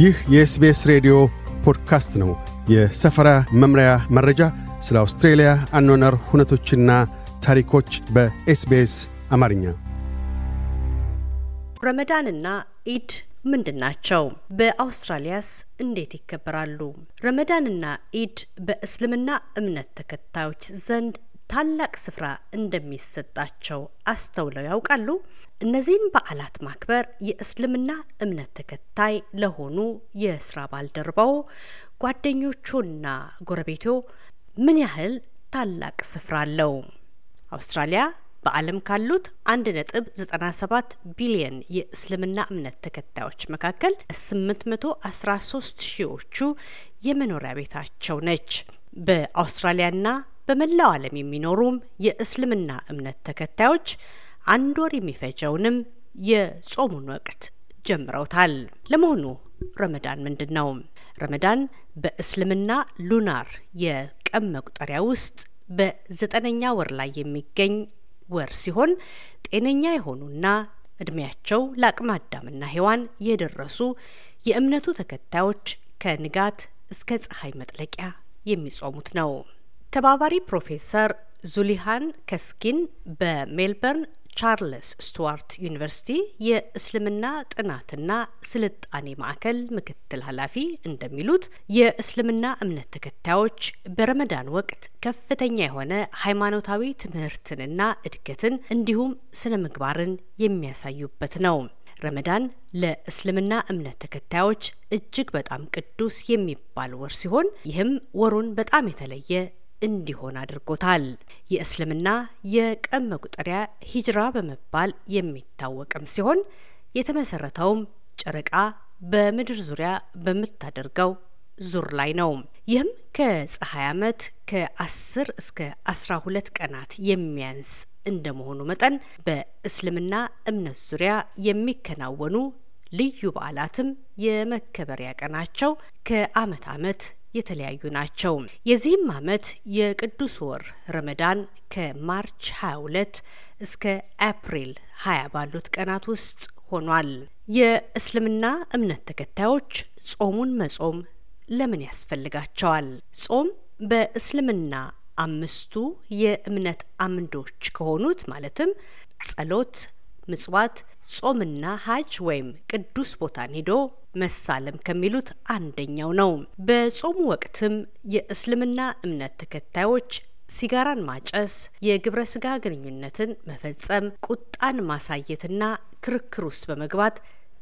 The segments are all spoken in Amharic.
ይህ የኤስቤስ ሬዲዮ ፖድካስት ነው። የሰፈራ መምሪያ መረጃ፣ ስለ አውስትሬልያ አኗነር ሁነቶችና ታሪኮች በኤስቤስ አማርኛ። ረመዳንና ኢድ ምንድን ናቸው? በአውስትራሊያስ እንዴት ይከበራሉ? ረመዳንና ኢድ በእስልምና እምነት ተከታዮች ዘንድ ታላቅ ስፍራ እንደሚሰጣቸው አስተውለው ያውቃሉ? እነዚህን በዓላት ማክበር የእስልምና እምነት ተከታይ ለሆኑ የስራ ባልደረባው፣ ጓደኞቹና ጎረቤቶ ምን ያህል ታላቅ ስፍራ አለው? አውስትራሊያ በዓለም ካሉት 1.97 ቢሊየን የእስልምና እምነት ተከታዮች መካከል 813 ሺዎቹ የመኖሪያ ቤታቸው ነች። በአውስትራሊያና በመላው ዓለም የሚኖሩም የእስልምና እምነት ተከታዮች አንድ ወር የሚፈጀውንም የጾሙን ወቅት ጀምረውታል። ለመሆኑ ረመዳን ምንድን ነው? ረመዳን በእስልምና ሉናር የቀን መቁጠሪያ ውስጥ በዘጠነኛ ወር ላይ የሚገኝ ወር ሲሆን ጤነኛ የሆኑና እድሜያቸው ለአቅመ አዳምና ሔዋን የደረሱ የእምነቱ ተከታዮች ከንጋት እስከ ፀሐይ መጥለቂያ የሚጾሙት ነው። ተባባሪ ፕሮፌሰር ዙሊሃን ከስኪን በሜልበርን ቻርልስ ስቱዋርት ዩኒቨርሲቲ የእስልምና ጥናትና ስልጣኔ ማዕከል ምክትል ኃላፊ እንደሚሉት የእስልምና እምነት ተከታዮች በረመዳን ወቅት ከፍተኛ የሆነ ሃይማኖታዊ ትምህርትንና እድገትን እንዲሁም ስነ ምግባርን የሚያሳዩበት ነው። ረመዳን ለእስልምና እምነት ተከታዮች እጅግ በጣም ቅዱስ የሚባል ወር ሲሆን ይህም ወሩን በጣም የተለየ እንዲሆን አድርጎታል። የእስልምና የቀን መቁጠሪያ ሂጅራ በመባል የሚታወቅም ሲሆን የተመሰረተውም ጨረቃ በምድር ዙሪያ በምታደርገው ዙር ላይ ነው። ይህም ከፀሐይ ዓመት ከአስር እስከ 12 ሁለት ቀናት የሚያንስ እንደመሆኑ መጠን በእስልምና እምነት ዙሪያ የሚከናወኑ ልዩ በዓላትም የመከበሪያ ቀናቸው ከአመት አመት የተለያዩ ናቸው። የዚህም ዓመት የቅዱስ ወር ረመዳን ከማርች 22 እስከ ኤፕሪል 20 ባሉት ቀናት ውስጥ ሆኗል። የእስልምና እምነት ተከታዮች ጾሙን መጾም ለምን ያስፈልጋቸዋል? ጾም በእስልምና አምስቱ የእምነት አምዶች ከሆኑት ማለትም ጸሎት፣ ምጽዋት፣ ጾምና ሀጅ ወይም ቅዱስ ቦታን ሄዶ መሳለም ከሚሉት አንደኛው ነው። በጾሙ ወቅትም የእስልምና እምነት ተከታዮች ሲጋራን ማጨስ፣ የግብረ ስጋ ግንኙነትን መፈጸም፣ ቁጣን ማሳየትና ክርክር ውስጥ በመግባት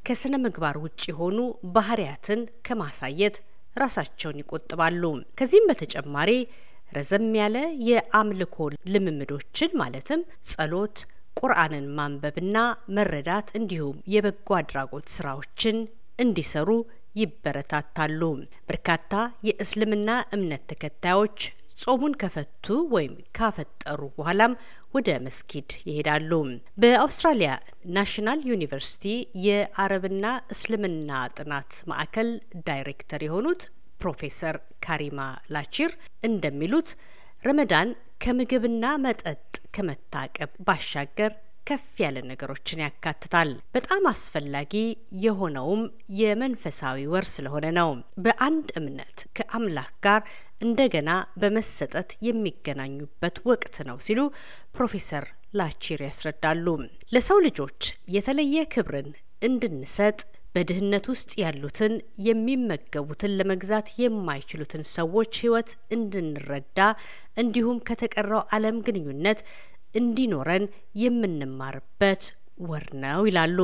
ከስነ ምግባር ውጭ የሆኑ ባህሪያትን ከማሳየት ራሳቸውን ይቆጥባሉ። ከዚህም በተጨማሪ ረዘም ያለ የአምልኮ ልምምዶችን ማለትም ጸሎት፣ ቁርአንን ማንበብና መረዳት እንዲሁም የበጎ አድራጎት ስራዎችን እንዲሰሩ ይበረታታሉ። በርካታ የእስልምና እምነት ተከታዮች ጾሙን ከፈቱ ወይም ካፈጠሩ በኋላም ወደ መስጊድ ይሄዳሉ። በአውስትራሊያ ናሽናል ዩኒቨርሲቲ የአረብና እስልምና ጥናት ማዕከል ዳይሬክተር የሆኑት ፕሮፌሰር ካሪማ ላቺር እንደሚሉት ረመዳን ከምግብና መጠጥ ከመታቀብ ባሻገር ከፍ ያለ ነገሮችን ያካትታል። በጣም አስፈላጊ የሆነውም የመንፈሳዊ ወር ስለሆነ ነው። በአንድ እምነት ከአምላክ ጋር እንደገና በመሰጠት የሚገናኙበት ወቅት ነው ሲሉ ፕሮፌሰር ላቺር ያስረዳሉ። ለሰው ልጆች የተለየ ክብርን እንድንሰጥ በድህነት ውስጥ ያሉትን የሚመገቡትን ለመግዛት የማይችሉትን ሰዎች ህይወት እንድንረዳ እንዲሁም ከተቀረው ዓለም ግንኙነት እንዲኖረን የምንማርበት ወር ነው ይላሉ።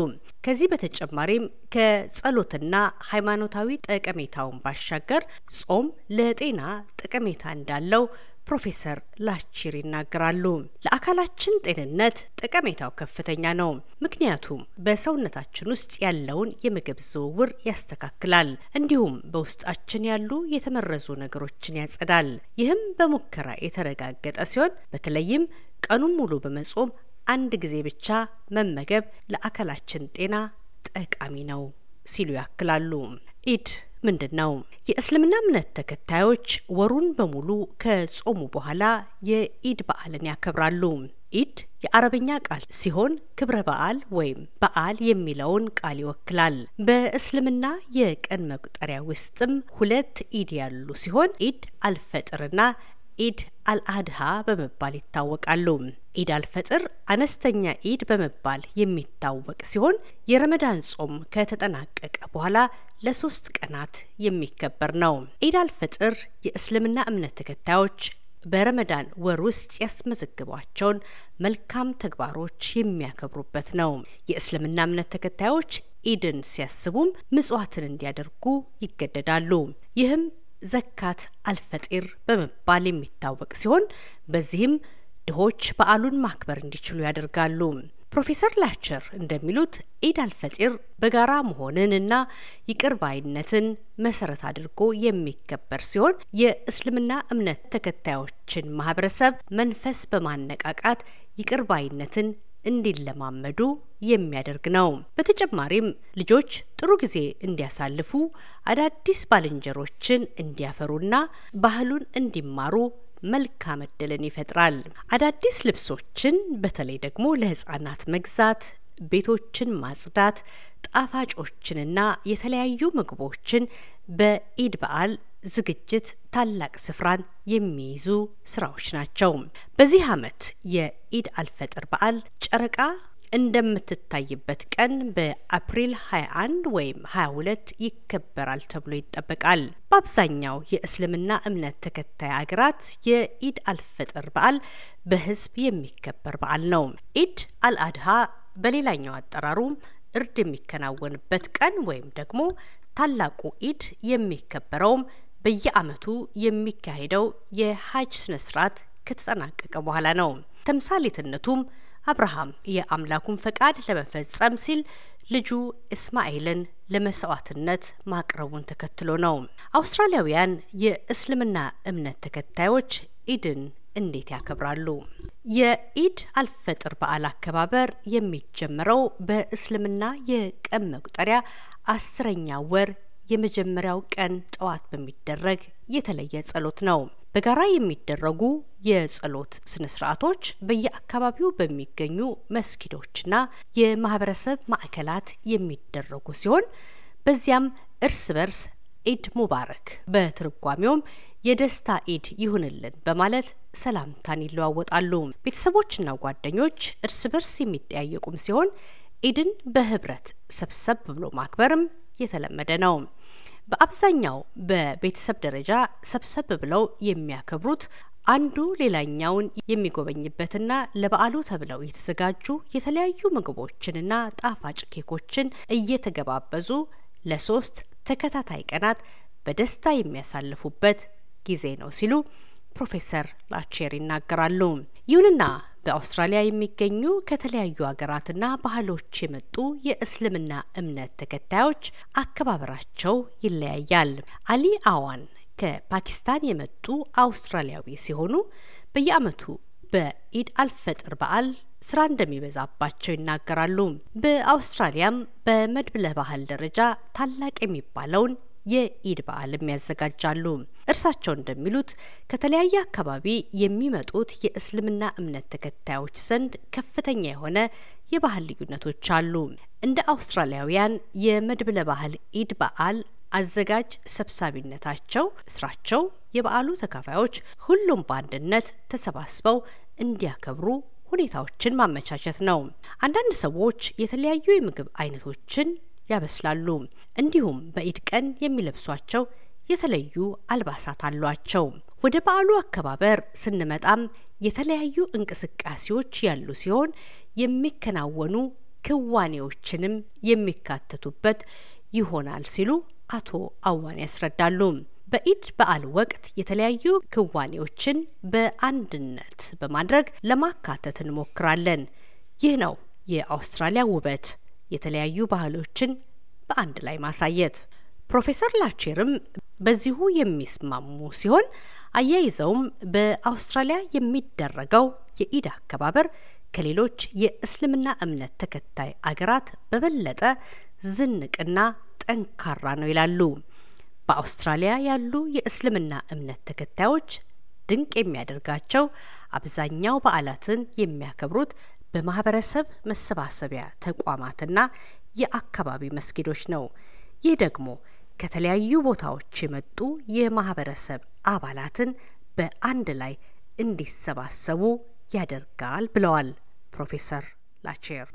ከዚህ በተጨማሪም ከጸሎትና ሃይማኖታዊ ጠቀሜታውን ባሻገር ጾም ለጤና ጠቀሜታ እንዳለው ፕሮፌሰር ላቺር ይናገራሉ። ለአካላችን ጤንነት ጠቀሜታው ከፍተኛ ነው። ምክንያቱም በሰውነታችን ውስጥ ያለውን የምግብ ዝውውር ያስተካክላል፣ እንዲሁም በውስጣችን ያሉ የተመረዙ ነገሮችን ያጸዳል። ይህም በሙከራ የተረጋገጠ ሲሆን በተለይም ቀኑን ሙሉ በመጾም አንድ ጊዜ ብቻ መመገብ ለአካላችን ጤና ጠቃሚ ነው ሲሉ ያክላሉ። ኢድ ምንድን ነው? የእስልምና እምነት ተከታዮች ወሩን በሙሉ ከጾሙ በኋላ የኢድ በዓልን ያከብራሉ። ኢድ የአረበኛ ቃል ሲሆን ክብረ በዓል ወይም በዓል የሚለውን ቃል ይወክላል። በእስልምና የቀን መቁጠሪያ ውስጥም ሁለት ኢድ ያሉ ሲሆን ኢድ አልፈጥርና ኢድ አልአድሃ በመባል ይታወቃሉ። ኢድ አልፈጥር አነስተኛ ኢድ በመባል የሚታወቅ ሲሆን የረመዳን ጾም ከተጠናቀቀ በኋላ ለሶስት ቀናት የሚከበር ነው። ኢድ አልፈጥር የእስልምና እምነት ተከታዮች በረመዳን ወር ውስጥ ያስመዘግቧቸውን መልካም ተግባሮች የሚያከብሩበት ነው። የእስልምና እምነት ተከታዮች ኢድን ሲያስቡም ምጽዋትን እንዲያደርጉ ይገደዳሉ። ይህም ዘካት አልፈጢር በመባል የሚታወቅ ሲሆን በዚህም ድሆች በዓሉን ማክበር እንዲችሉ ያደርጋሉ። ፕሮፌሰር ላቸር እንደሚሉት ኢድ አልፈጢር በጋራ መሆንን እና ይቅር ባይነትን መሰረት አድርጎ የሚከበር ሲሆን የእስልምና እምነት ተከታዮችን ማህበረሰብ መንፈስ በማነቃቃት ይቅር ባይነትን እንዲለማመዱ የሚያደርግ ነው። በተጨማሪም ልጆች ጥሩ ጊዜ እንዲያሳልፉ አዳዲስ ባልንጀሮችን እንዲያፈሩና ባህሉን እንዲማሩ መልካም እድልን ይፈጥራል። አዳዲስ ልብሶችን በተለይ ደግሞ ለህጻናት መግዛት፣ ቤቶችን ማጽዳት፣ ጣፋጮችንና የተለያዩ ምግቦችን በኢድ በዓል ዝግጅት ታላቅ ስፍራን የሚይዙ ስራዎች ናቸው። በዚህ አመት የኢድ አልፈጥር በዓል ጨረቃ እንደምትታይበት ቀን በአፕሪል 21 ወይም 22 ይከበራል ተብሎ ይጠበቃል። በአብዛኛው የእስልምና እምነት ተከታይ አገራት የኢድ አልፈጥር በዓል በህዝብ የሚከበር በዓል ነው። ኢድ አልአድሃ በሌላኛው አጠራሩ እርድ የሚከናወንበት ቀን ወይም ደግሞ ታላቁ ኢድ የሚከበረውም በየአመቱ የሚካሄደው የሀጅ ስነ ስርዓት ከተጠናቀቀ በኋላ ነው። ተምሳሌትነቱም አብርሃም የአምላኩን ፈቃድ ለመፈጸም ሲል ልጁ እስማኤልን ለመስዋዕትነት ማቅረቡን ተከትሎ ነው። አውስትራሊያውያን የእስልምና እምነት ተከታዮች ኢድን እንዴት ያከብራሉ? የኢድ አልፈጥር በዓል አከባበር የሚጀመረው በእስልምና የቀን መቁጠሪያ አስረኛ ወር የመጀመሪያው ቀን ጠዋት በሚደረግ የተለየ ጸሎት ነው። በጋራ የሚደረጉ የጸሎት ስነ ስርዓቶች በየአካባቢው በሚገኙ መስጊዶችና የማህበረሰብ ማዕከላት የሚደረጉ ሲሆን በዚያም እርስ በርስ ኢድ ሙባረክ በትርጓሜውም የደስታ ኢድ ይሁንልን በማለት ሰላምታን ይለዋወጣሉ። ቤተሰቦችና ጓደኞች እርስ በርስ የሚጠያየቁም ሲሆን ኢድን በህብረት ሰብሰብ ብሎ ማክበርም የተለመደ ነው። በአብዛኛው በቤተሰብ ደረጃ ሰብሰብ ብለው የሚያከብሩት አንዱ ሌላኛውን የሚጎበኝበትና ለበዓሉ ተብለው የተዘጋጁ የተለያዩ ምግቦችንና ጣፋጭ ኬኮችን እየተገባበዙ ለሶስት ተከታታይ ቀናት በደስታ የሚያሳልፉበት ጊዜ ነው ሲሉ ፕሮፌሰር ላቼር ይናገራሉ። ይሁንና በአውስትራሊያ የሚገኙ ከተለያዩ ሀገራትና ባህሎች የመጡ የእስልምና እምነት ተከታዮች አከባበራቸው ይለያያል። አሊ አዋን ከፓኪስታን የመጡ አውስትራሊያዊ ሲሆኑ በየዓመቱ በኢድ አልፈጥር በዓል ስራ እንደሚበዛባቸው ይናገራሉ። በአውስትራሊያም በመድብለ ባህል ደረጃ ታላቅ የሚባለውን የኢድ በዓልም ያዘጋጃሉ። እርሳቸው እንደሚሉት ከተለያየ አካባቢ የሚመጡት የእስልምና እምነት ተከታዮች ዘንድ ከፍተኛ የሆነ የባህል ልዩነቶች አሉ። እንደ አውስትራሊያውያን የመድብለ ባህል ኢድ በዓል አዘጋጅ ሰብሳቢነታቸው ስራቸው የበዓሉ ተካፋዮች ሁሉም በአንድነት ተሰባስበው እንዲያከብሩ ሁኔታዎችን ማመቻቸት ነው። አንዳንድ ሰዎች የተለያዩ የምግብ አይነቶችን ያበስላሉ። እንዲሁም በኢድ ቀን የሚለብሷቸው የተለዩ አልባሳት አሏቸው። ወደ በዓሉ አከባበር ስንመጣም የተለያዩ እንቅስቃሴዎች ያሉ ሲሆን የሚከናወኑ ክዋኔዎችንም የሚካተቱበት ይሆናል ሲሉ አቶ አዋን ያስረዳሉ። በኢድ በዓል ወቅት የተለያዩ ክዋኔዎችን በአንድነት በማድረግ ለማካተት እንሞክራለን። ይህ ነው የአውስትራሊያ ውበት። የተለያዩ ባህሎችን በአንድ ላይ ማሳየት። ፕሮፌሰር ላቼርም በዚሁ የሚስማሙ ሲሆን አያይዘውም በአውስትራሊያ የሚደረገው የኢድ አከባበር ከሌሎች የእስልምና እምነት ተከታይ አገራት በበለጠ ዝንቅና ጠንካራ ነው ይላሉ። በአውስትራሊያ ያሉ የእስልምና እምነት ተከታዮች ድንቅ የሚያደርጋቸው አብዛኛው በዓላትን የሚያከብሩት በማህበረሰብ መሰባሰቢያ ተቋማትና የአካባቢ መስጊዶች ነው። ይህ ደግሞ ከተለያዩ ቦታዎች የመጡ የማህበረሰብ አባላትን በአንድ ላይ እንዲሰባሰቡ ያደርጋል ብለዋል ፕሮፌሰር ላቼር።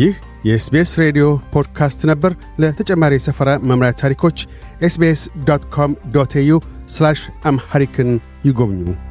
ይህ የኤስቤስ ሬዲዮ ፖድካስት ነበር። ለተጨማሪ የሰፈራ መምሪያ ታሪኮች ኤስቤስ ዶት ኮም ዶት ኤዩ አምሃሪክን ይጎብኙ።